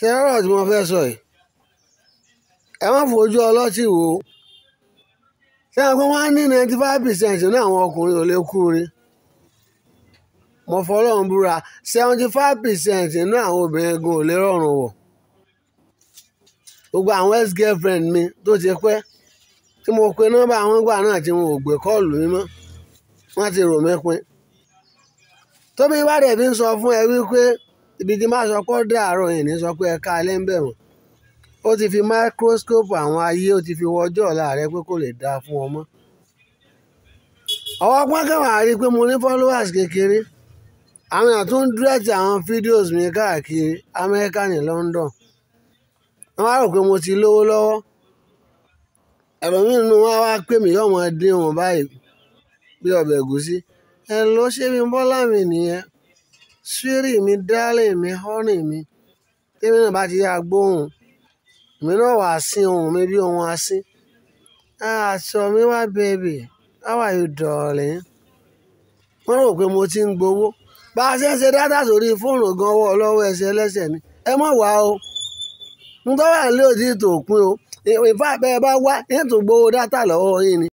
ṣé ọ̀rọ̀ tí mo fẹ́ sọ yìí ẹ má fojú ọlọ́tì pé wọ́n á ní ninety five percent ní àwọn ọkùnrin ò lè kú rí seventy five percent àwọn obìnrin gan ò lè rọrùn wọ̀ ex girlfriend mi tó ti pẹ́ tí mo pe nọ́mbà àwọn gbà náà tí wọn ò gbé kọ́ọ̀lù mi mọ́ wọ́n ti sọ fún ẹ ibi tí máa sọ pé ó dàárọ̀ yìí ní sọ pé ẹ̀ka alẹ́ ń bẹ̀ wọ́n ó ti fi microscope àwọn ayé ó ti fi wọjọ́ ọ̀la rẹ pé kò lè dáa fún ọmọ ọwọ́ pákẹ́wà rí i pé mo ní followers kékeré àwọn èèyàn tó ń dúrẹ́tì àwọn fídíòs mi káàkiri amẹ́ríkà ní London wọ́n á rò pé mo ti lówó lọ́wọ́ ẹlòmíín nu wọn wá pè mí yọmọ dín wọn báyìí bí ọbẹ̀ ẹ̀gúsí ẹ lọ ṣé mi bọ́lá mi nìyẹn ṣírì mi dálẹ̀ mi họ́rìn mi tèmi náà bá ti yá gbóhùn mi náà wà sí ohun mi bí ohun asín aṣọ mi wá bèbè how are you darling wọ́n rò pé mo ti ń gbowó bá a ṣe ń ṣe dátà sórí fóònù gan ọwọ́ ọlọ́wọ́ ẹsẹ̀ ẹlẹ́sẹ̀ mi ẹ mọ̀ wá o ń tọ́wọ́ àlẹ́ òdì tó pín o ìfá bẹ́ẹ̀ bá wá ètò gbowó dátà lọ́wọ́ yín ni.